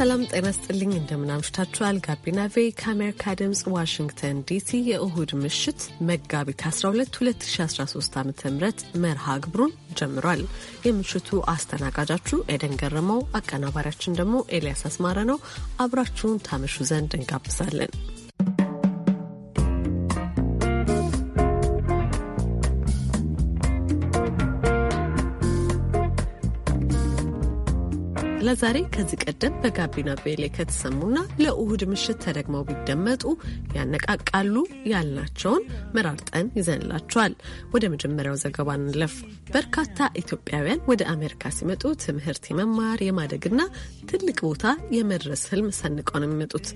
ሰላም ጤና ስጥልኝ። አምሽታችኋል? ጋቢና ቬ ከአሜሪካ ድምፅ ዋሽንግተን ዲሲ የእሁድ ምሽት መጋቢት 12 2013 ዓ ም መርሃ ግብሩን ጀምሯል። የምሽቱ አስተናጋጃችሁ ኤደን ገረመው፣ አቀናባሪያችን ደግሞ ኤልያስ አስማረ ነው። አብራችሁን ታመሹ ዘንድ እንጋብዛለን። ለዛሬ ከዚህ ቀደም በጋቢና ቤሌ ከተሰሙና ለእሁድ ምሽት ተደግመው ቢደመጡ ያነቃቃሉ ያልናቸውን መራርጠን ይዘንላቸዋል። ወደ መጀመሪያው ዘገባ እንለፍ። በርካታ ኢትዮጵያውያን ወደ አሜሪካ ሲመጡ ትምህርት የመማር የማደግና ትልቅ ቦታ የመድረስ ህልም ሰንቀው ነው የሚመጡት።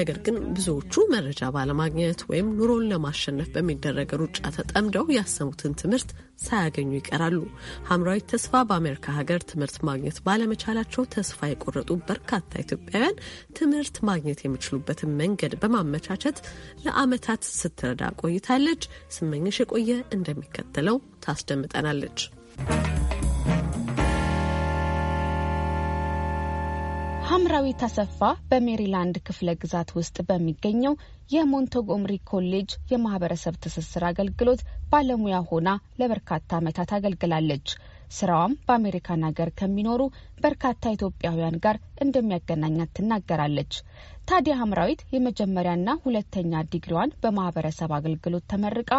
ነገር ግን ብዙዎቹ መረጃ ባለማግኘት ወይም ኑሮን ለማሸነፍ በሚደረግ ሩጫ ተጠምደው ያሰሙትን ትምህርት ሳያገኙ ይቀራሉ። ሀምራዊት ተስፋ በአሜሪካ ሀገር ትምህርት ማግኘት ባለመቻላቸው ተስፋ የቆረጡ በርካታ ኢትዮጵያውያን ትምህርት ማግኘት የሚችሉበትን መንገድ በማመቻቸት ለአመታት ስትረዳ ቆይታለች። ስመኝሽ የቆየ እንደሚከተለው ታስደምጠናለች። ሐምራዊ ተሰፋ በሜሪላንድ ክፍለ ግዛት ውስጥ በሚገኘው የሞንቶጎምሪ ኮሌጅ የማህበረሰብ ትስስር አገልግሎት ባለሙያ ሆና ለበርካታ ዓመታት አገልግላለች። ስራዋም በአሜሪካን ሀገር ከሚኖሩ በርካታ ኢትዮጵያውያን ጋር እንደሚያገናኛት ትናገራለች። ታዲያ ሀምራዊት የመጀመሪያና ሁለተኛ ዲግሪዋን በማህበረሰብ አገልግሎት ተመርቃ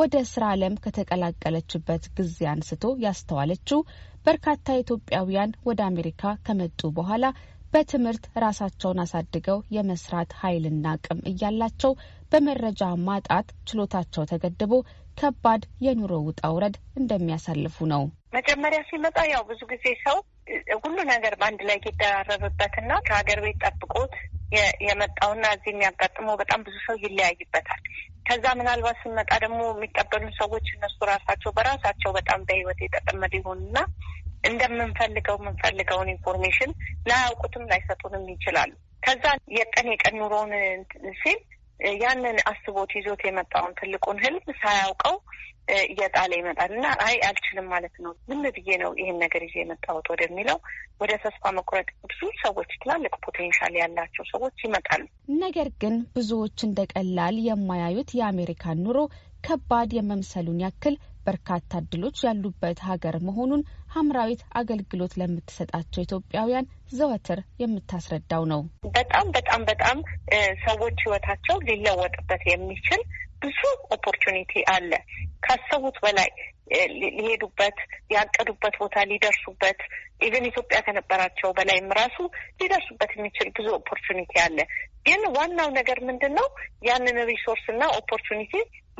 ወደ ስራ ዓለም ከተቀላቀለችበት ጊዜ አንስቶ ያስተዋለችው በርካታ ኢትዮጵያውያን ወደ አሜሪካ ከመጡ በኋላ በትምህርት ራሳቸውን አሳድገው የመስራት ኃይልና አቅም እያላቸው በመረጃ ማጣት ችሎታቸው ተገድቦ ከባድ የኑሮ ውጣ ውረድ እንደሚያሳልፉ ነው። መጀመሪያ ሲመጣ ያው ብዙ ጊዜ ሰው ሁሉ ነገር በአንድ ላይ እና ከሀገር ቤት ጠብቆት የመጣውና እዚህ የሚያጋጥመው በጣም ብዙ ሰው ይለያይበታል። ከዛ ምናልባት ስንመጣ ደግሞ የሚቀበሉ ሰዎች እነሱ ራሳቸው በራሳቸው በጣም በህይወት የተጠመዱ ይሆኑና እንደምንፈልገው የምንፈልገውን ኢንፎርሜሽን ላያውቁትም ላይሰጡንም ይችላሉ። ከዛ የቀን የቀን ኑሮውን ሲል ያንን አስቦት ይዞት የመጣውን ትልቁን ህልም ሳያውቀው እየጣለ ይመጣል እና አይ አልችልም ማለት ነው። ዝም ብዬ ነው ይህን ነገር ይዤ የመጣሁት ወደሚለው ወደ ተስፋ መቁረጥ ብዙ ሰዎች፣ ትላልቅ ፖቴንሻል ያላቸው ሰዎች ይመጣሉ። ነገር ግን ብዙዎች እንደ ቀላል የማያዩት የአሜሪካን ኑሮ ከባድ የመምሰሉን ያክል በርካታ እድሎች ያሉበት ሀገር መሆኑን ሀምራዊት አገልግሎት ለምትሰጣቸው ኢትዮጵያውያን ዘወትር የምታስረዳው ነው። በጣም በጣም በጣም ሰዎች ህይወታቸው ሊለወጥበት የሚችል ብዙ ኦፖርቹኒቲ አለ። ካሰቡት በላይ ሊሄዱበት ያቀዱበት ቦታ ሊደርሱበት ኢቨን ኢትዮጵያ ከነበራቸው በላይም ራሱ ሊደርሱበት የሚችል ብዙ ኦፖርቹኒቲ አለ። ግን ዋናው ነገር ምንድን ነው? ያንን ሪሶርስ እና ኦፖርቹኒቲ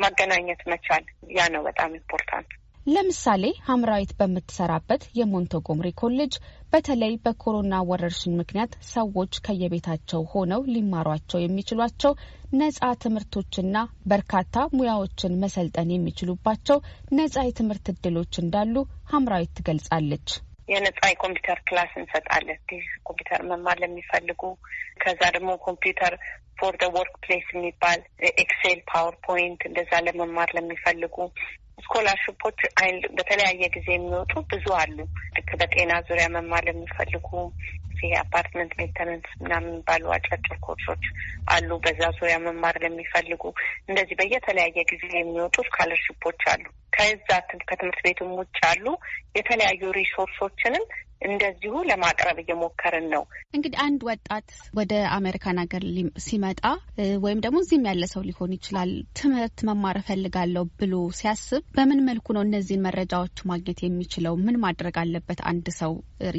ማገናኘት መቻል። ያ ነው በጣም ኢምፖርታንት። ለምሳሌ ሀምራዊት በምትሰራበት የሞንቶጎምሪ ኮሌጅ በተለይ በኮሮና ወረርሽኝ ምክንያት ሰዎች ከየቤታቸው ሆነው ሊማሯቸው የሚችሏቸው ነጻ ትምህርቶችና በርካታ ሙያዎችን መሰልጠን የሚችሉባቸው ነጻ የትምህርት እድሎች እንዳሉ ሀምራዊት ትገልጻለች። የነጻ የኮምፒውተር ክላስ እንሰጣለን። ኮምፒውተር መማር ለሚፈልጉ ከዛ ደግሞ ኮምፒውተር ፎር ደ ወርክ ፕሌስ የሚባል ኤክሴል፣ ፓወር እንደዛ ለመማር ለሚፈልጉ ስኮላርሽፖች በተለያየ ጊዜ የሚወጡ ብዙ አሉ። ልክ በጤና ዙሪያ መማር ለሚፈልጉ ይሄ አፓርትመንት ሜንተነንስ ምናምን የሚባሉ አጫጭር ኮርሶች አሉ። በዛ ዙሪያ መማር ለሚፈልጉ እንደዚህ በየተለያየ ጊዜ የሚወጡ ስኮላርሽፖች አሉ። ከዛ ከትምህርት ቤቱም ውጭ አሉ የተለያዩ ሪሶርሶችንም እንደዚሁ ለማቅረብ እየሞከርን ነው። እንግዲህ አንድ ወጣት ወደ አሜሪካን ሀገር ሲመጣ ወይም ደግሞ እዚህም ያለ ሰው ሊሆን ይችላል ትምህርት መማር እፈልጋለሁ ብሎ ሲያስብ በምን መልኩ ነው እነዚህን መረጃዎች ማግኘት የሚችለው? ምን ማድረግ አለበት? አንድ ሰው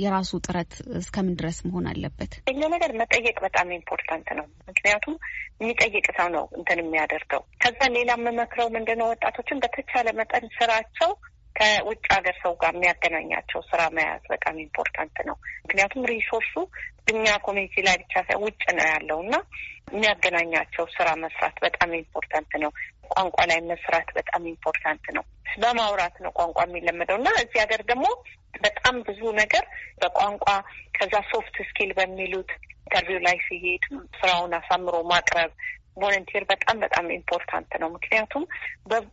የራሱ ጥረት እስከምን ድረስ መሆን አለበት? እኛ ነገር መጠየቅ በጣም ኢምፖርታንት ነው። ምክንያቱም የሚጠይቅ ሰው ነው እንትን የሚያደርገው። ከዛ ሌላ የምመክረው ምንድነው ወጣቶችን በተቻለ መጠን ስራቸው ከውጭ ሀገር ሰው ጋር የሚያገናኛቸው ስራ መያዝ በጣም ኢምፖርታንት ነው። ምክንያቱም ሪሶርሱ እኛ ኮሚኒቲ ላይ ብቻ ሳይሆን ውጭ ነው ያለው እና የሚያገናኛቸው ስራ መስራት በጣም ኢምፖርታንት ነው። ቋንቋ ላይ መስራት በጣም ኢምፖርታንት ነው። በማውራት ነው ቋንቋ የሚለመደው እና እዚህ ሀገር ደግሞ በጣም ብዙ ነገር በቋንቋ ከዛ ሶፍት ስኪል በሚሉት ኢንተርቪው ላይ ሲሄድ ስራውን አሳምሮ ማቅረብ ቮለንቲር በጣም በጣም ኢምፖርታንት ነው። ምክንያቱም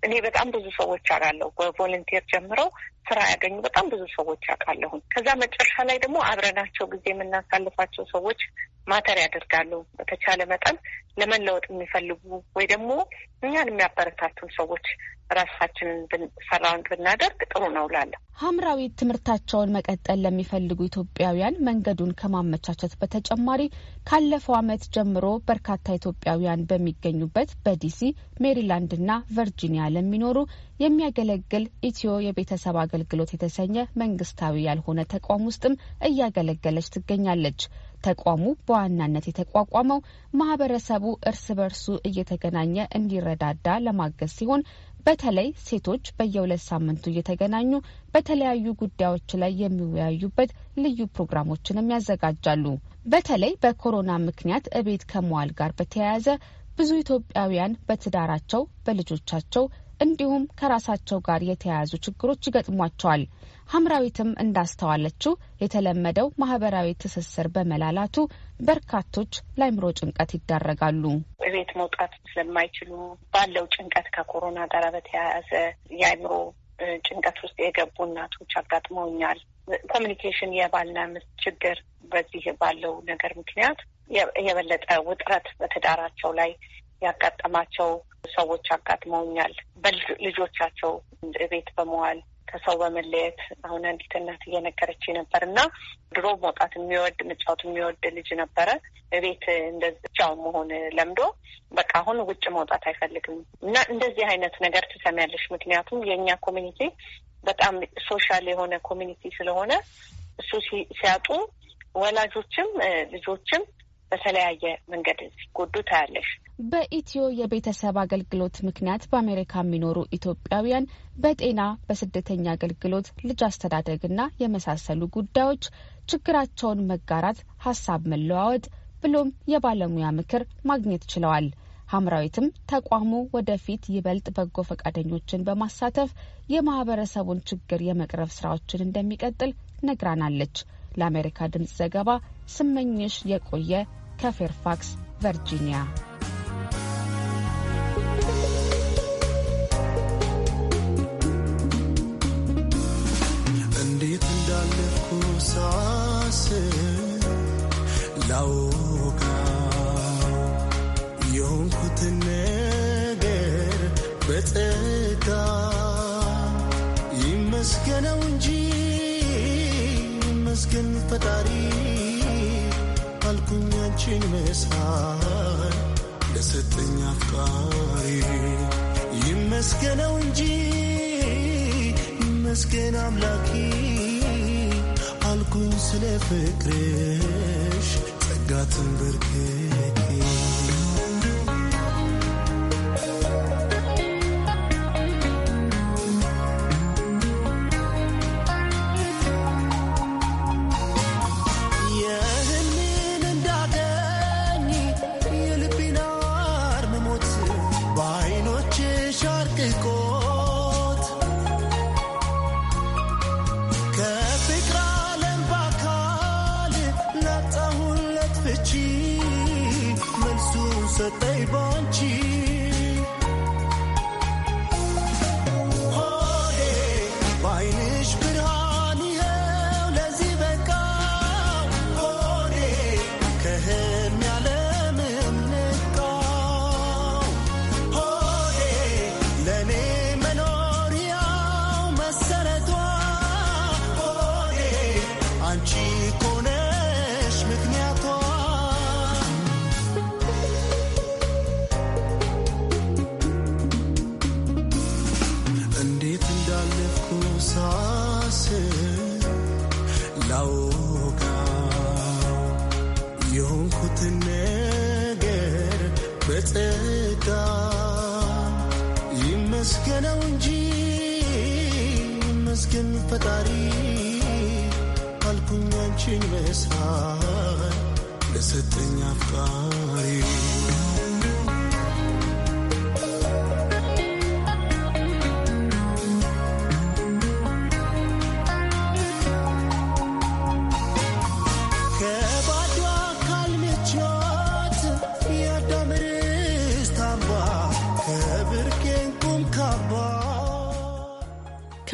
እኔ በጣም ብዙ ሰዎች አውቃለሁ በቮለንቲር ጀምረው ስራ ያገኙ በጣም ብዙ ሰዎች አውቃለሁኝ። ከዛ መጨረሻ ላይ ደግሞ አብረናቸው ጊዜ የምናሳልፋቸው ሰዎች ማተር ያደርጋሉ። በተቻለ መጠን ለመለወጥ የሚፈልጉ ወይ ደግሞ እኛን የሚያበረታቱን ሰዎች ራሳችንን ሰራውን ብናደርግ ጥሩ ነው ላለ ሀምራዊ ትምህርታቸውን መቀጠል ለሚፈልጉ ኢትዮጵያውያን መንገዱን ከማመቻቸት በተጨማሪ ካለፈው ዓመት ጀምሮ በርካታ ኢትዮጵያውያን በሚገኙበት በዲሲ ሜሪላንድ እና ቨርጂኒያ ለሚኖሩ የሚያገለግል ኢትዮ የቤተሰብ አገልግሎት የተሰኘ መንግስታዊ ያልሆነ ተቋም ውስጥም እያገለገለች ትገኛለች። ተቋሙ በዋናነት የተቋቋመው ማህበረሰቡ እርስ በርሱ እየተገናኘ እንዲረዳዳ ለማገዝ ሲሆን በተለይ ሴቶች በየሁለት ሳምንቱ እየተገናኙ በተለያዩ ጉዳዮች ላይ የሚወያዩበት ልዩ ፕሮግራሞችንም ያዘጋጃሉ። በተለይ በኮሮና ምክንያት እቤት ከመዋል ጋር በተያያዘ ብዙ ኢትዮጵያውያን በትዳራቸው፣ በልጆቻቸው እንዲሁም ከራሳቸው ጋር የተያያዙ ችግሮች ይገጥሟቸዋል። ሀምራዊትም እንዳስተዋለችው የተለመደው ማህበራዊ ትስስር በመላላቱ በርካቶች ለአይምሮ ጭንቀት ይዳረጋሉ። እቤት መውጣት ስለማይችሉ ባለው ጭንቀት ከኮሮና ጋር በተያያዘ የአይምሮ ጭንቀት ውስጥ የገቡ እናቶች አጋጥመውኛል። ኮሚኒኬሽን የባልና ሚስት ችግር በዚህ ባለው ነገር ምክንያት የበለጠ ውጥረት በትዳራቸው ላይ ያጋጠማቸው ሰዎች አጋጥመውኛል። በልጆቻቸው ቤት በመዋል ከሰው በመለየት አሁን አንዲት እናት እየነገረች ነበር እና ድሮ መውጣት የሚወድ መጫወት የሚወድ ልጅ ነበረ። ቤት እንደዚህ መሆን ለምዶ በቃ አሁን ውጭ መውጣት አይፈልግም እና እንደዚህ አይነት ነገር ትሰሚያለሽ። ምክንያቱም የእኛ ኮሚኒቲ በጣም ሶሻል የሆነ ኮሚኒቲ ስለሆነ እሱ ሲያጡ ወላጆችም ልጆችም በተለያየ መንገድ ሲጎዱ ታያለሽ። በኢትዮ የቤተሰብ አገልግሎት ምክንያት በአሜሪካ የሚኖሩ ኢትዮጵያውያን በጤና በስደተኛ አገልግሎት ልጅ አስተዳደግና የመሳሰሉ ጉዳዮች ችግራቸውን መጋራት፣ ሀሳብ መለዋወጥ ብሎም የባለሙያ ምክር ማግኘት ችለዋል። ሀምራዊትም ተቋሙ ወደፊት ይበልጥ በጎ ፈቃደኞችን በማሳተፍ የማህበረሰቡን ችግር የመቅረፍ ስራዎችን እንደሚቀጥል ነግራናለች። ለአሜሪካ ድምጽ ዘገባ ስመኝሽ የቆየ ከፌርፋክስ ቨርጂኒያ። እንዴት እንዳለፍኩ ሳስብ የሆንኩትን ነገር በጸጋ ይመስገነው እንጂ ይመስገን ፈጣሪ አንቺን መሳይ ለሰጠኝ አፍቃሪ ይመስገነው እንጂ ይመስገን አምላኪ አልኩኝ ስለ ፍቅርሽ ጸጋትን በርክቴ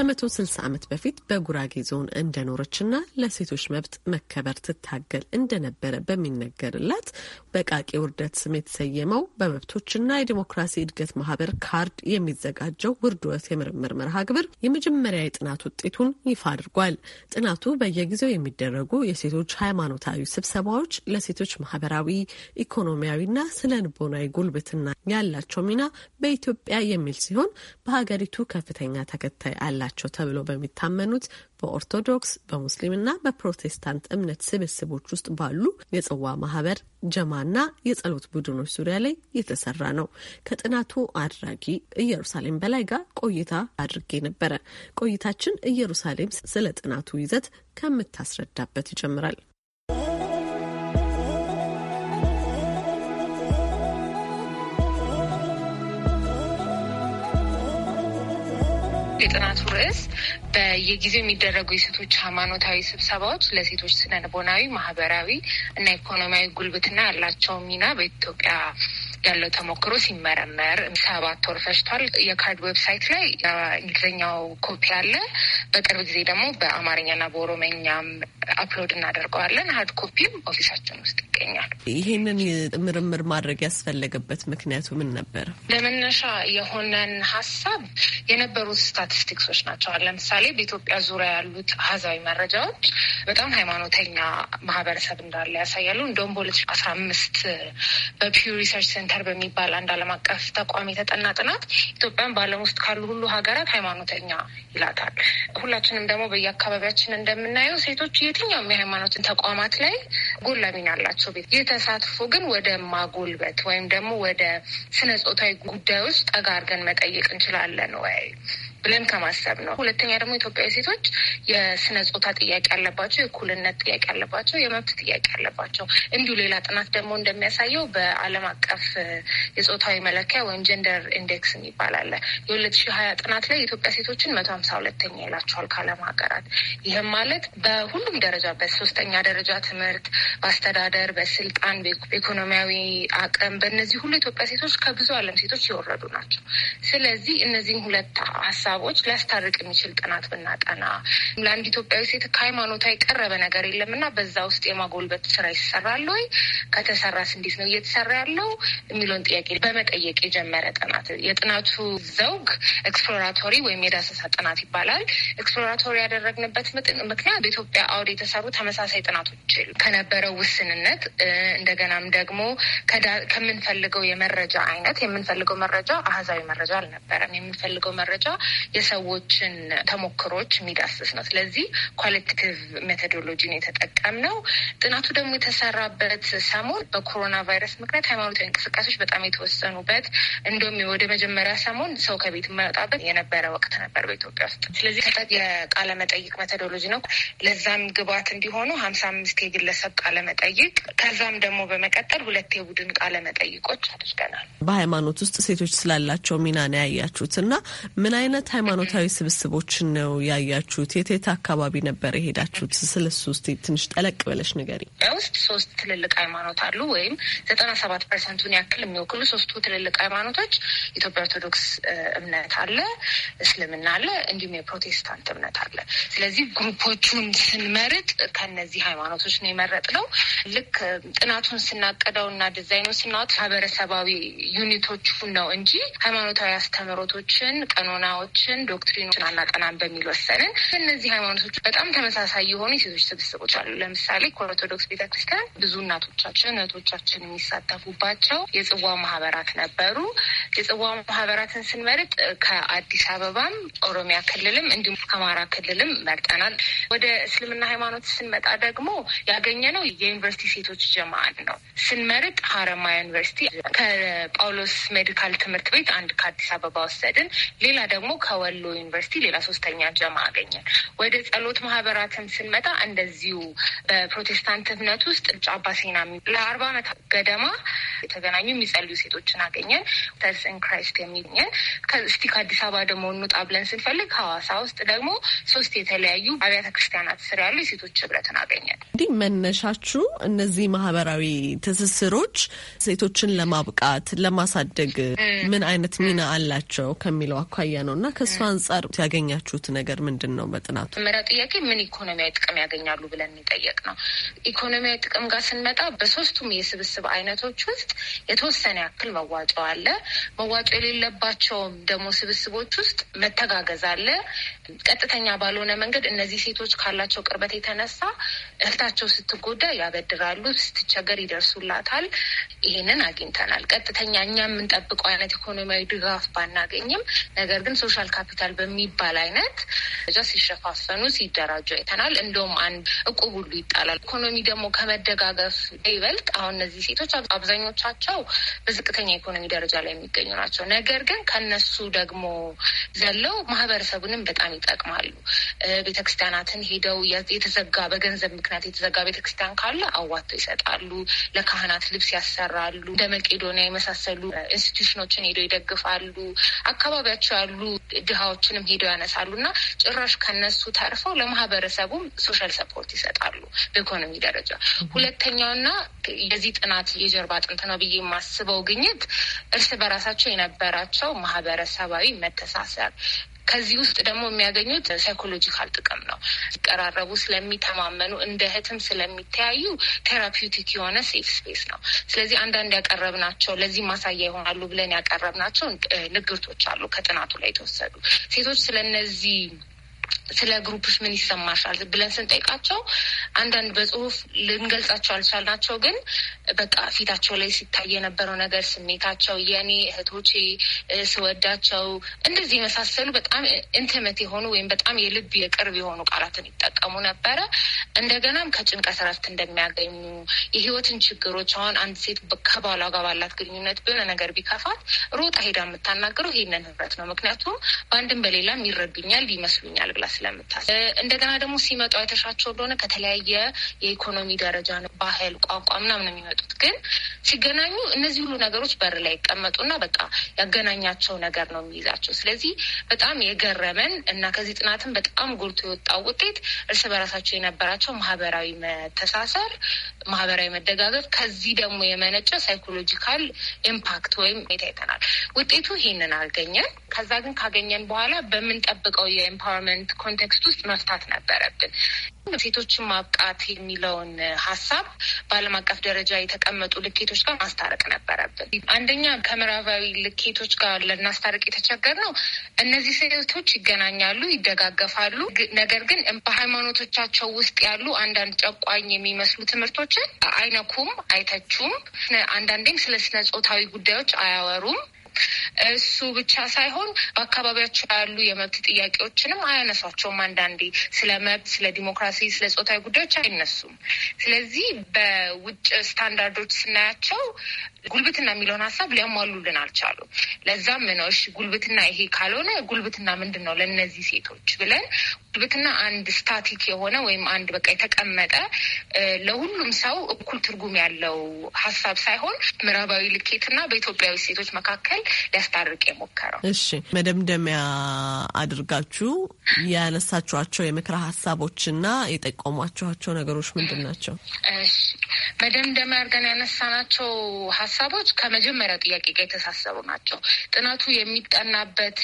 ከ160 ዓመት በፊት በጉራጌ ዞን እንደኖረችና ለሴቶች መብት መከበር ትታገል እንደነበረ በሚነገርላት በቃቂ ውርደት ስም የተሰየመው በመብቶችና የዲሞክራሲ እድገት ማህበር ካርድ የሚዘጋጀው ውርድወት የምርምር መርሃ ግብር የመጀመሪያ የጥናት ውጤቱን ይፋ አድርጓል። ጥናቱ በየጊዜው የሚደረጉ የሴቶች ሃይማኖታዊ ስብሰባዎች ለሴቶች ማህበራዊ፣ ኢኮኖሚያዊና ስነ ልቦናዊ ጉልብትና ያላቸው ሚና በኢትዮጵያ የሚል ሲሆን በሀገሪቱ ከፍተኛ ተከታይ አላቸው ናቸው ተብሎ በሚታመኑት በኦርቶዶክስ በሙስሊምና በፕሮቴስታንት እምነት ስብስቦች ውስጥ ባሉ የጽዋ ማህበር ጀማና የጸሎት ቡድኖች ዙሪያ ላይ የተሰራ ነው። ከጥናቱ አድራጊ ኢየሩሳሌም በላይ ጋር ቆይታ አድርጌ ነበረ። ቆይታችን ኢየሩሳሌም ስለ ጥናቱ ይዘት ከምታስረዳበት ይጀምራል። የጥናቱ ርዕስ በየጊዜው የሚደረጉ የሴቶች ሃይማኖታዊ ስብሰባዎች ለሴቶች ስነልቦናዊ፣ ማህበራዊ እና ኢኮኖሚያዊ ጉልብትና ያላቸው ሚና በኢትዮጵያ ያለው ተሞክሮ ሲመረመር ሰባት ወር ፈጅቷል። የካርድ ዌብሳይት ላይ እንግሊዝኛው ኮፒ አለ። በቅርብ ጊዜ ደግሞ በአማርኛና በኦሮመኛም አፕሎድ እናደርገዋለን። ሀርድ ኮፒም ኦፊሳችን ውስጥ ይገኛል። ይህንን ምርምር ማድረግ ያስፈለገበት ምክንያቱ ምን ነበር? ለመነሻ የሆነን ሀሳብ የነበሩት ስታቲስቲክሶች ናቸው። ለምሳሌ በኢትዮጵያ ዙሪያ ያሉት አህዛዊ መረጃዎች በጣም ሃይማኖተኛ ማህበረሰብ እንዳለ ያሳያሉ። እንደውም በሁለት ሺህ አስራ አምስት በፒው ሪሰርች ሴንተር በሚባል አንድ ዓለም አቀፍ ተቋም የተጠና ጥናት ኢትዮጵያን በዓለም ውስጥ ካሉ ሁሉ ሀገራት ሃይማኖተኛ ይላታል። ሁላችንም ደግሞ በየአካባቢያችን እንደምናየው ሴቶች የት የትኛውም የሃይማኖትን ተቋማት ላይ ጎላ ሚና አላቸው። ቤት ይህ ተሳትፎ ግን ወደ ማጎልበት ወይም ደግሞ ወደ ስነ ጾታዊ ውስጥ ጠጋ አድርገን መጠየቅ እንችላለን ወይ ብለን ከማሰብ ነው። ሁለተኛ ደግሞ ኢትዮጵያዊ ሴቶች የስነ ጾታ ጥያቄ ያለባቸው፣ የእኩልነት ጥያቄ ያለባቸው፣ የመብት ጥያቄ ያለባቸው እንዲሁ ሌላ ጥናት ደግሞ እንደሚያሳየው በዓለም አቀፍ የጾታዊ መለኪያ ወይም ጀንደር ኢንዴክስ የሚባል የሁለት ሺህ ሀያ ጥናት ላይ የኢትዮጵያ ሴቶችን መቶ ሀምሳ ሁለተኛ ይላቸዋል ከዓለም ሀገራት። ይህም ማለት በሁሉም ደረጃ በሶስተኛ ደረጃ ትምህርት፣ በአስተዳደር፣ በስልጣን፣ በኢኮኖሚያዊ አቅም በእነዚህ ሁሉ ኢትዮጵያ ሴቶች ከብዙ ዓለም ሴቶች የወረዱ ናቸው። ስለዚህ እነዚህም ሁለት ሀሳቦች ሊያስታርቅ የሚችል ጥናት ብናጠና ለአንድ ኢትዮጵያዊ ሴት ከሃይማኖቷ የቀረበ ነገር የለም እና በዛ ውስጥ የማጎልበት ስራ ይሰራል ወይ? ከተሰራስ እንዴት ነው እየተሰራ ያለው የሚለውን ጥያቄ በመጠየቅ የጀመረ ጥናት የጥናቱ ዘውግ ኤክስፕሎራቶሪ ወይም የዳሰሳ ጥናት ይባላል። ኤክስፕሎራቶሪ ያደረግንበት ምክንያት በኢትዮጵያ አውድ የተሰሩ ተመሳሳይ ጥናቶች ከነበረው ውስንነት እንደገናም ደግሞ ከምንፈልገው የመረጃ አይነት የምንፈልገው መረጃ አህዛዊ መረጃ አልነበረም። የምንፈልገው መረጃ የሰዎችን ተሞክሮች የሚዳስስ ነው። ስለዚህ ኳሊቲቲቭ ሜቶዶሎጂን የተጠቀምነው። ጥናቱ ደግሞ የተሰራበት ሰሞን በኮሮና ቫይረስ ምክንያት ሃይማኖታዊ እንቅስቃሴዎች በጣም የተወሰኑበት እንዲሁም ወደ መጀመሪያ ሰሞን ሰው ከቤት የማይወጣበት የነበረ ወቅት ነበር በኢትዮጵያ ውስጥ። ስለዚህ የቃለ መጠይቅ ሜቶዶሎጂ ነው ለዛም ግባት እንዲሆኑ ሀምሳ አምስት የግለሰብ ቃለመጠይቅ ከዛም ደግሞ በመቀጠል ሁለት የቡድን ቃለመጠይቆች አድርገናል። በሃይማኖት ውስጥ ሴቶች ስላላቸው ሚና ነው ያያችሁት እና ምን አይነት ሃይማኖታዊ ስብስቦችን ነው ያያችሁት? የቴት አካባቢ ነበር የሄዳችሁት? ስለ ውስጥ ትንሽ ጠለቅ ብለሽ ንገሪ። ውስጥ ሶስት ትልልቅ ሃይማኖት አሉ ወይም ዘጠና ሰባት ፐርሰንቱን ያክል የሚወክሉ ሶስቱ ትልልቅ ሃይማኖቶች ኢትዮጵያ ኦርቶዶክስ እምነት አለ፣ እስልምና አለ፣ እንዲሁም የፕሮቴስታንት እምነት አለ። ስለዚህ ግሩፖቹን ስንመ ስንመርጥ ከነዚህ ሃይማኖቶች ነው ነው። ልክ ጥናቱን ስናቀደው እና ዲዛይኑን ስናወጥ ማህበረሰባዊ ዩኒቶቹ ነው እንጂ ሃይማኖታዊ አስተምሮቶችን ቀኖናዎችን፣ ዶክትሪኖችን አናጠናን በሚል ወሰንን። እነዚህ ሃይማኖቶች በጣም ተመሳሳይ የሆኑ የሴቶች ስብስቦች አሉ። ለምሳሌ ከኦርቶዶክስ ቤተክርስቲያን ብዙ እናቶቻችን እህቶቻችን የሚሳተፉባቸው የጽዋ ማህበራት ነበሩ። የጽዋ ማህበራትን ስንመርጥ ከአዲስ አበባም ኦሮሚያ ክልልም እንዲሁም ከአማራ ክልልም መርጠናል። ወደ እስልምና ሃይማኖት ስንመጣ ደግሞ ያገኘ ነው የዩኒቨርሲቲ ሴቶች ጀማአን ነው። ስንመርጥ ሀረማያ ዩኒቨርሲቲ ከጳውሎስ ሜዲካል ትምህርት ቤት አንድ ከአዲስ አበባ ወሰድን። ሌላ ደግሞ ከወሎ ዩኒቨርሲቲ ሌላ ሶስተኛ ጀማ አገኘን። ወደ ጸሎት ማህበራትም ስንመጣ እንደዚሁ በፕሮቴስታንት እምነት ውስጥ ጫባ ሴና ለአርባ ዓመት ገደማ የተገናኙ የሚጸልዩ ሴቶችን አገኘን። ተስን ክራይስት የሚገኘን እስቲ ከአዲስ አበባ ደግሞ እንውጣ ብለን ስንፈልግ ሀዋሳ ውስጥ ደግሞ ሶስት የተለያዩ አብያተ ክርስቲያናት ስር ያሉ የሴቶች ህብረትን አገኘን። እንዲህ መነሻችሁ እነዚህ ማህበራዊ ትስስሮች ሴቶችን ለማብቃት ለማሳደግ ምን አይነት ሚና አላቸው ከሚለው አኳያ ነው እና ከእሱ አንጻር ያገኛችሁት ነገር ምንድን ነው? በጥናቱ መሪያ ጥያቄ ምን ኢኮኖሚያዊ ጥቅም ያገኛሉ ብለን የሚጠየቅ ነው። ኢኮኖሚያዊ ጥቅም ጋር ስንመጣ በሶስቱም የስብስብ አይነቶች ውስጥ የተወሰነ ያክል መዋጮ አለ። መዋጮ የሌለባቸውም ደግሞ ስብስቦች ውስጥ መተጋገዝ አለ። ቀጥተኛ ባልሆነ መንገድ እነዚህ ሴቶች ካላቸው ቅርበት የተነሳ እህታቸው ስትጎዳ ያበድራሉ፣ ስትቸገር ይደርሱላታል። ይህንን አግኝተናል። ቀጥተኛ እኛ የምንጠብቀው አይነት ኢኮኖሚያዊ ድጋፍ ባናገኝም፣ ነገር ግን ሶሻል ካፒታል በሚባል አይነት እዛ ሲሸፋፈኑ ሲደራጁ አይተናል። እንደውም አንድ እቁብ ሁሉ ይጣላል። ኢኮኖሚ ደግሞ ከመደጋገፍ ይበልጥ አሁን እነዚህ ሴቶች አብዛኞቻቸው በዝቅተኛ ኢኮኖሚ ደረጃ ላይ የሚገኙ ናቸው። ነገር ግን ከነሱ ደግሞ ዘለው ማህበረሰቡንም በጣም ይጠቅማሉ። ቤተክርስቲያናትን ሄደው የተዘጋ በገንዘብ ምክንያት የተዘጋ ቤተክርስቲያን ካለ አዋቶ ይሰጣሉ። ለካህናት ልብስ ያሰራሉ። እንደ መቄዶኒያ የመሳሰሉ ኢንስቲቱሽኖችን ሄደው ይደግፋሉ። አካባቢያቸው ያሉ ድሃዎችንም ሄደው ያነሳሉ እና ጭራሽ ከነሱ ተርፈው ለማህበረሰቡም ሶሻል ሰፖርት ይሰጣሉ በኢኮኖሚ ደረጃ። ሁለተኛውና የዚህ ጥናት የጀርባ አጥንት ነው ብዬ የማስበው ግኝት እርስ በራሳቸው የነበራቸው ማህበረሰባዊ መተሳሰር ከዚህ ውስጥ ደግሞ የሚያገኙት ሳይኮሎጂካል ጥቅም ነው። ሲቀራረቡ ስለሚተማመኑ፣ እንደ እህትም ስለሚተያዩ ቴራፒውቲክ የሆነ ሴፍ ስፔስ ነው። ስለዚህ አንዳንድ ያቀረብናቸው ለዚህ ማሳያ ይሆናሉ ብለን ያቀረብናቸው ንግርቶች አሉ ከጥናቱ ላይ የተወሰዱ ሴቶች ስለነዚህ ስለ ግሩፕሽ ምን ይሰማሻል ብለን ስንጠይቃቸው አንዳንድ በጽሁፍ ልንገልጻቸው አልቻልናቸው፣ ግን በቃ ፊታቸው ላይ ሲታይ የነበረው ነገር ስሜታቸው፣ የእኔ እህቶቼ ስወዳቸው፣ እንደዚህ የመሳሰሉ በጣም ኢንትመት የሆኑ ወይም በጣም የልብ የቅርብ የሆኑ ቃላትን ይጠቀሙ ነበረ። እንደገናም ከጭንቀት ረፍት እንደሚያገኙ የህይወትን ችግሮች አሁን አንድ ሴት ከባሏ ጋር ባላት ግንኙነት በሆነ ነገር ቢከፋት ሮጣ ሄዳ የምታናግረው ይህንን ህብረት ነው። ምክንያቱም በአንድም በሌላም ይረዱኛል ይመስሉኛል ብላ ስለምታስ እንደገና ደግሞ ሲመጡ አይተሻቸው እንደሆነ ከተለያየ የኢኮኖሚ ደረጃ ነው፣ ባህል፣ ቋንቋ ምናምን የሚመጡት። ግን ሲገናኙ እነዚህ ሁሉ ነገሮች በር ላይ ይቀመጡና በቃ ያገናኛቸው ነገር ነው የሚይዛቸው። ስለዚህ በጣም የገረመን እና ከዚህ ጥናትም በጣም ጎልቶ የወጣው ውጤት እርስ በራሳቸው የነበራቸው ማህበራዊ መተሳሰር፣ ማህበራዊ መደጋገፍ ከዚህ ደግሞ የመነጨ ሳይኮሎጂካል ኢምፓክት ወይም ሁኔታ ይተናል። ውጤቱ ይህንን አልገኘን። ከዛ ግን ካገኘን በኋላ በምንጠብቀው የኤምፓወርመንት ኮንቴክስት ውስጥ መፍታት ነበረብን። ሴቶችን ማብቃት የሚለውን ሀሳብ በዓለም አቀፍ ደረጃ የተቀመጡ ልኬቶች ጋር ማስታረቅ ነበረብን። አንደኛ ከምዕራባዊ ልኬቶች ጋር ለናስታረቅ የተቸገር ነው። እነዚህ ሴቶች ይገናኛሉ፣ ይደጋገፋሉ። ነገር ግን በሃይማኖቶቻቸው ውስጥ ያሉ አንዳንድ ጨቋኝ የሚመስሉ ትምህርቶችን አይነኩም፣ አይተቹም። አንዳንዴም ስለ ስነ ጾታዊ ጉዳዮች አያወሩም። እሱ ብቻ ሳይሆን በአካባቢያቸው ያሉ የመብት ጥያቄዎችንም አያነሷቸውም። አንዳንዴ ስለ መብት፣ ስለ ዲሞክራሲ፣ ስለ ጾታዊ ጉዳዮች አይነሱም። ስለዚህ በውጭ ስታንዳርዶች ስናያቸው ጉልብትና የሚለውን ሀሳብ ሊያሟሉልን አልቻሉ። ለዛም ነው እሺ ጉልብትና ይሄ ካልሆነ ጉልብትና ምንድን ነው ለእነዚህ ሴቶች ብለን ብትና አንድ ስታቲክ የሆነ ወይም አንድ በቃ የተቀመጠ ለሁሉም ሰው እኩል ትርጉም ያለው ሀሳብ ሳይሆን ምዕራባዊ ልኬትና በኢትዮጵያዊ ሴቶች መካከል ሊያስታርቅ የሞከረው። እሺ፣ መደምደሚያ አድርጋችሁ ያነሳችኋቸው የምክረ ሀሳቦችና የጠቆሟችኋቸው ነገሮች ምንድን ናቸው? መደምደሚያ አድርገን ያነሳናቸው ሀሳቦች ከመጀመሪያ ጥያቄ ጋር የተሳሰሩ ናቸው። ጥናቱ የሚጠናበት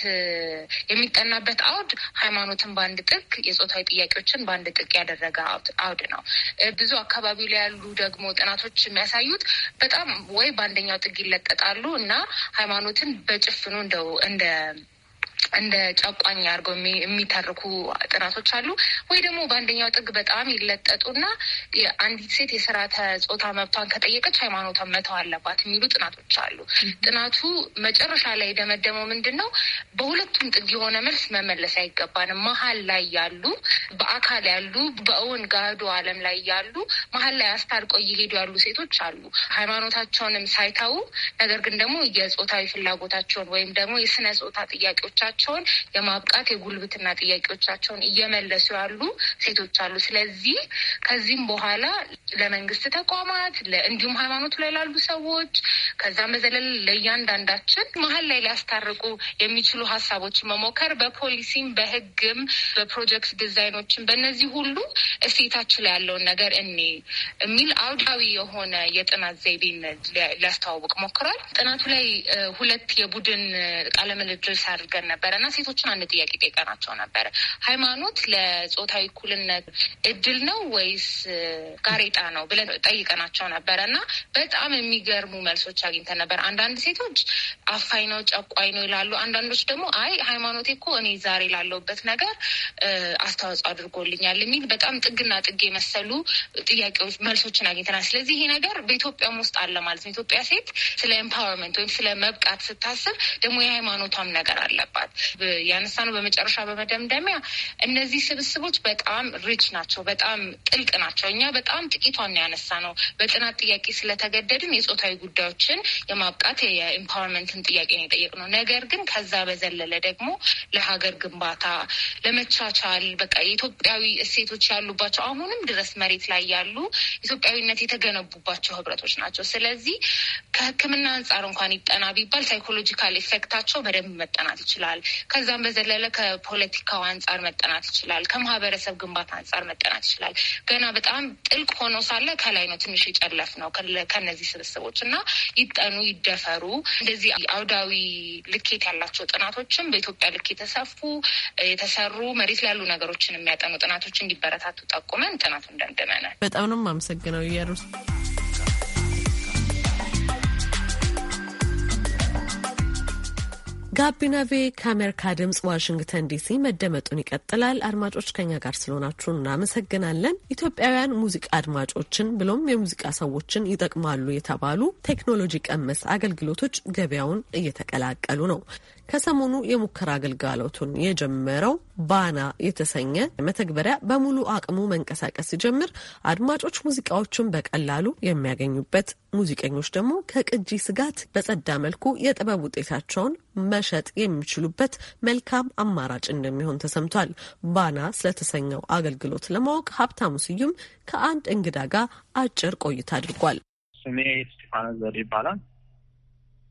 የሚጠናበት አውድ ሃይማኖትን በአንድ ጥግ የጾታዊ ጥያቄዎችን በአንድ ጥግ ያደረገ አውድ ነው። ብዙ አካባቢ ላይ ያሉ ደግሞ ጥናቶች የሚያሳዩት በጣም ወይ በአንደኛው ጥግ ይለጠጣሉ እና ሃይማኖትን በጭፍኑ እንደው እንደ እንደ ጨቋኝ አድርገው የሚተርኩ ጥናቶች አሉ። ወይ ደግሞ በአንደኛው ጥግ በጣም ይለጠጡና አንዲት ሴት የስርዓተ ጾታ መብቷን ከጠየቀች ሃይማኖት መተው አለባት የሚሉ ጥናቶች አሉ። ጥናቱ መጨረሻ ላይ የደመደመው ምንድን ነው? በሁለቱም ጥግ የሆነ መልስ መመለስ አይገባንም። መሀል ላይ ያሉ በአካል ያሉ በእውን ጋዶ አለም ላይ ያሉ መሀል ላይ አስታርቆ እየሄዱ ያሉ ሴቶች አሉ። ሃይማኖታቸውንም ሳይተው ነገር ግን ደግሞ የጾታዊ ፍላጎታቸውን ወይም ደግሞ የስነ ጾታ ጥያቄዎች ጥያቄዎቻቸውን የማብቃት የጉልብትና ጥያቄዎቻቸውን እየመለሱ ያሉ ሴቶች አሉ። ስለዚህ ከዚህም በኋላ ለመንግስት ተቋማት እንዲሁም ሃይማኖቱ ላይ ላሉ ሰዎች ከዛም በዘለል ለእያንዳንዳችን መሀል ላይ ሊያስታርቁ የሚችሉ ሀሳቦችን መሞከር በፖሊሲም፣ በህግም፣ በፕሮጀክት ዲዛይኖችም በእነዚህ ሁሉ እሴታችን ላይ ያለውን ነገር እኔ የሚል አውዳዊ የሆነ የጥናት ዘይቤን ሊያስተዋውቅ ሞክሯል። ጥናቱ ላይ ሁለት የቡድን ቃለምልድርስ አድርገን ነበረ እና ሴቶችን አንድ ጥያቄ ጠይቀናቸው ነበረ። ሃይማኖት ለጾታዊ እኩልነት እድል ነው ወይስ ጋሬጣ ነው ብለን ጠይቀናቸው ነበረ እና በጣም የሚገርሙ መልሶች አግኝተን ነበር። አንዳንድ ሴቶች አፋኝ ነው፣ ጨቋኝ ነው ይላሉ። አንዳንዶች ደግሞ አይ ሃይማኖቴ እኮ እኔ ዛሬ ላለውበት ነገር አስተዋጽኦ አድርጎልኛል የሚል በጣም ጥግና ጥግ የመሰሉ ጥያቄዎች መልሶችን አግኝተናል። ስለዚህ ይሄ ነገር በኢትዮጵያም ውስጥ አለ ማለት ነው። ኢትዮጵያ ሴት ስለ ኤምፓወርመንት ወይም ስለ መብቃት ስታስብ ደግሞ የሃይማኖቷም ነገር አለባት። ሰዓት ያነሳ ነው። በመጨረሻ በመደምደሚያ እነዚህ ስብስቦች በጣም ሪች ናቸው፣ በጣም ጥልቅ ናቸው። እኛ በጣም ጥቂቷን ያነሳ ነው። በጥናት ጥያቄ ስለተገደድን የጾታዊ ጉዳዮችን የማብቃት የኢምፓወርመንትን ጥያቄ ነው የጠየቅነው። ነገር ግን ከዛ በዘለለ ደግሞ ለሀገር ግንባታ፣ ለመቻቻል በቃ የኢትዮጵያዊ እሴቶች ያሉባቸው አሁንም ድረስ መሬት ላይ ያሉ ኢትዮጵያዊነት የተገነቡባቸው ህብረቶች ናቸው። ስለዚህ ከህክምና አንጻር እንኳን ይጠና ቢባል ሳይኮሎጂካል ኢፌክታቸው በደንብ መጠናት ይችላል። ይችላል። ከዛም በዘለለ ከፖለቲካው አንጻር መጠናት ይችላል። ከማህበረሰብ ግንባታ አንጻር መጠናት ይችላል። ገና በጣም ጥልቅ ሆኖ ሳለ ከላይ ነው ትንሽ የጨለፍ ነው ከነዚህ ስብስቦች እና ይጠኑ፣ ይደፈሩ። እንደዚህ አውዳዊ ልኬት ያላቸው ጥናቶችም በኢትዮጵያ ልክ የተሰፉ የተሰሩ መሬት ላይ ያሉ ነገሮችን የሚያጠኑ ጥናቶች እንዲበረታቱ ጠቁመን ጥናቱ እንደምደመናል። በጣም ነው የማመሰግነው እያሉ ጋቢና ቬ ከአሜሪካ ድምጽ ዋሽንግተን ዲሲ መደመጡን ይቀጥላል። አድማጮች ከኛ ጋር ስለሆናችሁ እናመሰግናለን። ኢትዮጵያውያን ሙዚቃ አድማጮችን ብሎም የሙዚቃ ሰዎችን ይጠቅማሉ የተባሉ ቴክኖሎጂ ቀመስ አገልግሎቶች ገበያውን እየተቀላቀሉ ነው። ከሰሞኑ የሙከራ አገልጋሎቱን የጀመረው ባና የተሰኘ መተግበሪያ በሙሉ አቅሙ መንቀሳቀስ ሲጀምር አድማጮች ሙዚቃዎችን በቀላሉ የሚያገኙበት፣ ሙዚቀኞች ደግሞ ከቅጂ ስጋት በጸዳ መልኩ የጥበብ ውጤታቸውን መሸጥ የሚችሉበት መልካም አማራጭ እንደሚሆን ተሰምቷል። ባና ስለተሰኘው አገልግሎት ለማወቅ ሀብታሙ ስዩም ከአንድ እንግዳ ጋር አጭር ቆይታ አድርጓል። ስሜ ስቴፋነ ዘር ይባላል።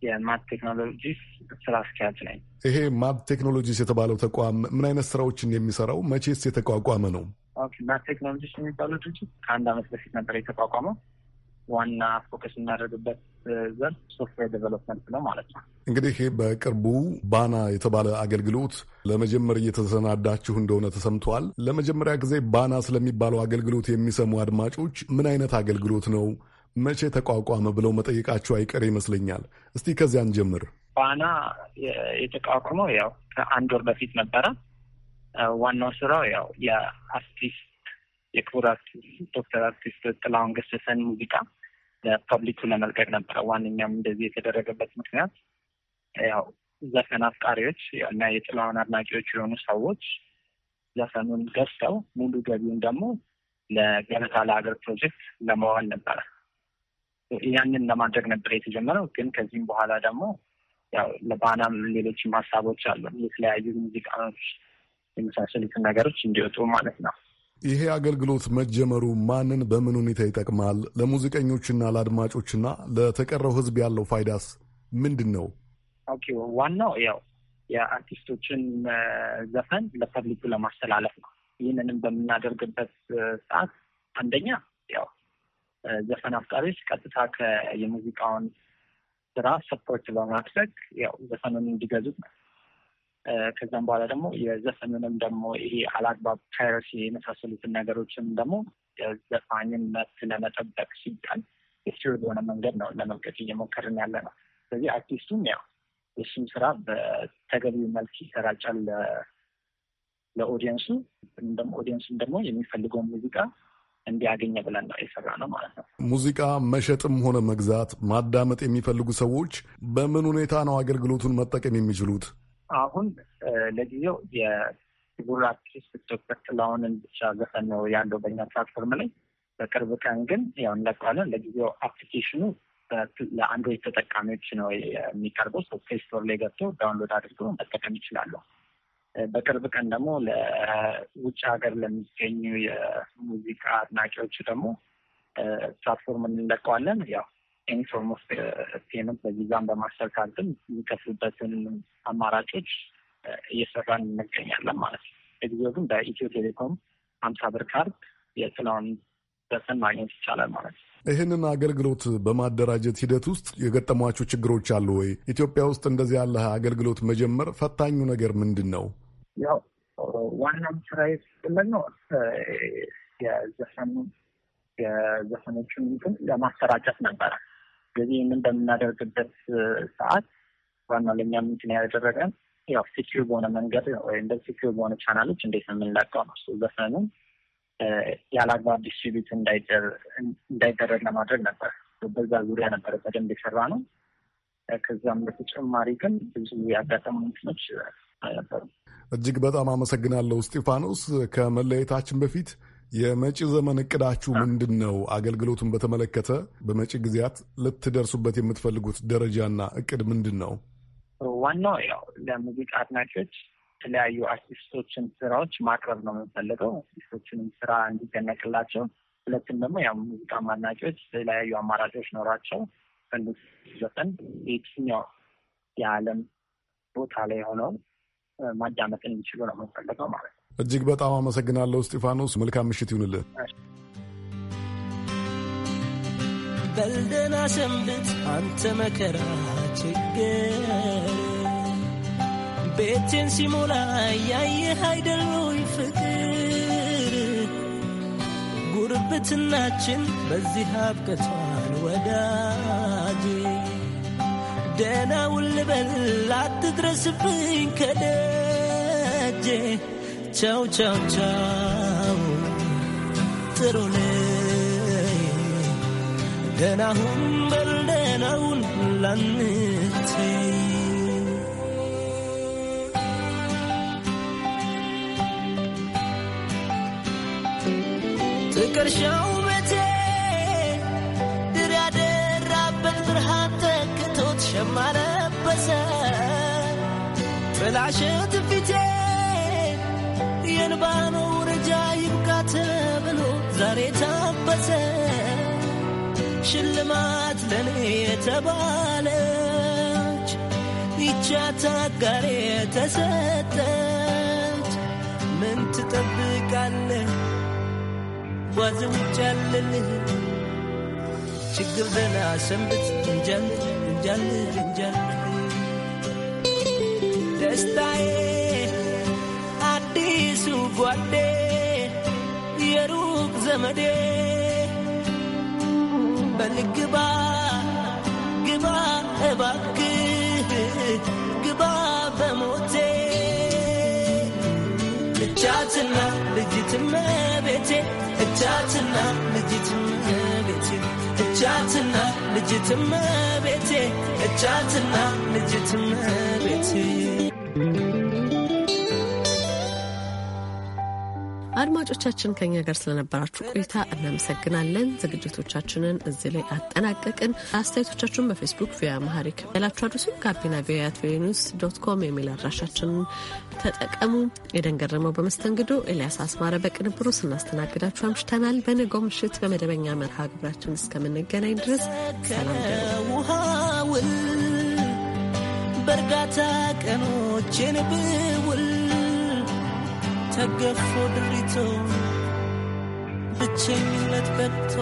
የማት ቴክኖሎጂስ ስራ አስኪያጅ ነኝ። ይሄ ማት ቴክኖሎጂስ የተባለው ተቋም ምን አይነት ስራዎችን የሚሰራው መቼስ የተቋቋመ ነው? ማት ቴክኖሎጂስ የሚባለው ድርጅት ከአንድ አመት በፊት ነበር የተቋቋመው። ዋና ፎከስ የሚያደርግበት ዘርፍ ሶፍትዌር ዴቨሎፕመንት ነው ማለት ነው። እንግዲህ በቅርቡ ባና የተባለ አገልግሎት ለመጀመር እየተሰናዳችሁ እንደሆነ ተሰምተዋል። ለመጀመሪያ ጊዜ ባና ስለሚባለው አገልግሎት የሚሰሙ አድማጮች ምን አይነት አገልግሎት ነው መቼ ተቋቋመ ብለው መጠየቃቸው አይቀር ይመስለኛል። እስቲ ከዚያን ጀምር። ዋና የተቋቋመው ያው ከአንድ ወር በፊት ነበረ። ዋናው ስራው ያው የአርቲስት የክቡር አርቲስት ዶክተር አርቲስት ጥላሁን ገሰሰን ሙዚቃ ለፐብሊኩ ለመልቀቅ ነበረ። ዋነኛም እንደዚህ የተደረገበት ምክንያት ያው ዘፈን አፍቃሪዎች እና የጥላሁን አድናቂዎች የሆኑ ሰዎች ዘፈኑን ገዝተው ሙሉ ገቢውን ደግሞ ለገበታ ለሀገር ፕሮጀክት ለመዋል ነበረ። ያንን ለማድረግ ነበር የተጀመረው። ግን ከዚህም በኋላ ደግሞ ያው ለባናም ሌሎችም ሀሳቦች አሉ የተለያዩ ሙዚቃዎች የመሳሰሉትን ነገሮች እንዲወጡ ማለት ነው። ይሄ አገልግሎት መጀመሩ ማንን በምን ሁኔታ ይጠቅማል? ለሙዚቀኞችና ለአድማጮችና ለተቀረው ህዝብ ያለው ፋይዳስ ምንድን ነው? ኦኬ ዋናው ያው የአርቲስቶችን ዘፈን ለፐብሊኩ ለማስተላለፍ ነው። ይህንንም በምናደርግበት ሰዓት አንደኛ ያው ዘፈን አፍቃሪዎች ቀጥታ የሙዚቃውን ስራ ሰፖርት በማድረግ ያው ዘፈኑን እንዲገዙት ነው። ከዛም በኋላ ደግሞ የዘፈኑንም ደግሞ ይሄ አላግባብ ፓይረሲ የመሳሰሉትን ነገሮችም ደግሞ የዘፋኝን መብት ለመጠበቅ ሲባል የስር በሆነ መንገድ ነው ለመብቀት እየሞከርን ያለ ነው። ስለዚህ አርቲስቱም ያው የሱም ስራ በተገቢው መልክ ይሰራጫል ለኦዲየንሱ፣ ወይም ደግሞ ኦዲየንሱም ደግሞ የሚፈልገውን ሙዚቃ እንዲያገኘ ብለን ነው የሰራ ነው ማለት ነው። ሙዚቃ መሸጥም ሆነ መግዛት ማዳመጥ የሚፈልጉ ሰዎች በምን ሁኔታ ነው አገልግሎቱን መጠቀም የሚችሉት? አሁን ለጊዜው የፊጉር አርቲስት ዶክተር ጥላሁንን ብቻ ዘፈን ነው ያለው በኛ ፕላትፎርም ላይ። በቅርብ ቀን ግን ያው እንለቀዋለን። ለጊዜው አፕሊኬሽኑ ለአንድሮይድ ተጠቃሚዎች ነው የሚቀርበው። ፕሌይ ስቶር ላይ ገብቶ ዳውንሎድ አድርገው መጠቀም ይችላሉ። በቅርብ ቀን ደግሞ ለውጭ ሀገር ለሚገኙ የሙዚቃ አድናቂዎች ደግሞ ፕላትፎርም እንለቀዋለን። ያው ኤኒፎርም ኦፍ ፔመንት በቪዛም በማስተር ካርድም የሚከፍሉበትን አማራጮች እየሰራን እንገኛለን ማለት ነው። ለጊዜው ግን በኢትዮ ቴሌኮም ሀምሳ ብር ካርድ የጥላውን ደስን ማግኘት ይቻላል ማለት ነው። ይህንን አገልግሎት በማደራጀት ሂደት ውስጥ የገጠሟቸው ችግሮች አሉ ወይ? ኢትዮጵያ ውስጥ እንደዚህ ያለ አገልግሎት መጀመር ፈታኙ ነገር ምንድን ነው? ያው ዋናም ስራ የፈለግነው የዘፈኑ የዘፈኖቹን እንትን ለማሰራጨት ነበረ። ስለዚህ ይህንን በምናደርግበት ሰዓት ዋና ለእኛ ምንትን ያደረገን ያው ሲኪር በሆነ መንገድ ወይም በሲኪር በሆነ ቻናሎች እንዴት ነው የምንለቀው ነው እሱ ዘፈኑን ዲስትሪቢዩት እንዳይደረግ ለማድረግ ነበር። በዛ ዙሪያ ነበረ በደንብ የሰራ ነው። ከዛም በተጨማሪ ግን ብዙ ያጋጠሙ ምክኖች አልነበሩም። እጅግ በጣም አመሰግናለሁ እስጢፋኖስ። ከመለየታችን በፊት የመጪ ዘመን እቅዳችሁ ምንድን ነው? አገልግሎቱን በተመለከተ በመጪ ጊዜያት ልትደርሱበት የምትፈልጉት ደረጃና እቅድ ምንድን ነው? ዋናው ያው ለሙዚቃ አድናቂዎች የተለያዩ አርቲስቶችን ስራዎች ማቅረብ ነው የምንፈልገው። አርቲስቶችንም ስራ እንዲደነቅላቸው፣ ሁለትም ደግሞ ያው ሙዚቃ አድናቂዎች የተለያዩ አማራጮች ኖሯቸው ፈልግ ዘፈን የትኛው የዓለም ቦታ ላይ ሆነው ማዳመጥ እንዲችሉ ነው የምንፈልገው ማለት ነው። እጅግ በጣም አመሰግናለሁ እስጢፋኖስ። መልካም ምሽት ይሁንልን። በልደና ሰንብት አንተ መከራ ችግር ቤቴን ሲሞላ ያየ አይደሉኝ ፍቅር ጉርብትናችን በዚህ አብቅቷል ወዳ ደህና ውል በል አትድረስብኝ ከደጄ ቻው ቻው ቻው ጥሩ ነይ ደህናሁን በል ደህናውን ላንተይ ፍቅር ሻው ሸማ ለበሰ በላሸት ፊቴ የንባ መውረጃ ይብቃ ተብሎ ዛሬ ታበሰ ሽልማት ለኔ የተባለች ይቻታጋሬ ተሰጠች ምን ትጠብቃለህ ጓዝ ውጭ ያለልህ ችግር ደህና ሰንብት እንጃልህ ጀንጀል ጀንጀል ደስታዬ አዲሱ ጓዴ የሩቅ ዘመዴ በልግባ ግባ እባክህ ግባ በሞቴ እቻትና ልጅትመ ቤቴ እቻትና ልጅትመ ቤቴ እቻትና ልጅትም ቤቴ እቻትና ልጅትም ቤቴ አድማጮቻችን ከኛ ጋር ስለነበራችሁ ቆይታ እናመሰግናለን። ዝግጅቶቻችንን እዚህ ላይ አጠናቀቅን። አስተያየቶቻችሁን በፌስቡክ ቪያ ማሀሪክ ያላችሁ አድርሱ። ጋቢና ቪያት ቬኒስ ዶት ኮም የሚል አድራሻችንን ተጠቀሙ። የደንገረመው በመስተንግዶ ኤልያስ አስማረ በቅንብሩ ስናስተናግዳችሁ አምሽተናል። በነገው ምሽት በመደበኛ መርሃ ግብራችን እስከምንገናኝ ድረስ ሰላም ደሩ በእርጋታ ቀኖቼን ብውል ተገፎ ድሪቶ ብቸኝነት በቶ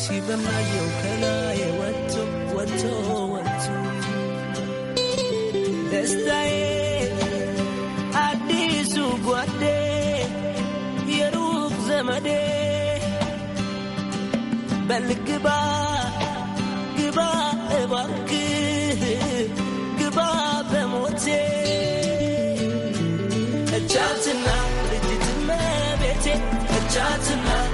ሲበማየው ከላይ ወጥቶ ወጥቶ ወጥቶ ደስታዬ አዲሱ ጓዴ የሩቅ ዘመዴ በልግባ ግባ እባ Judgment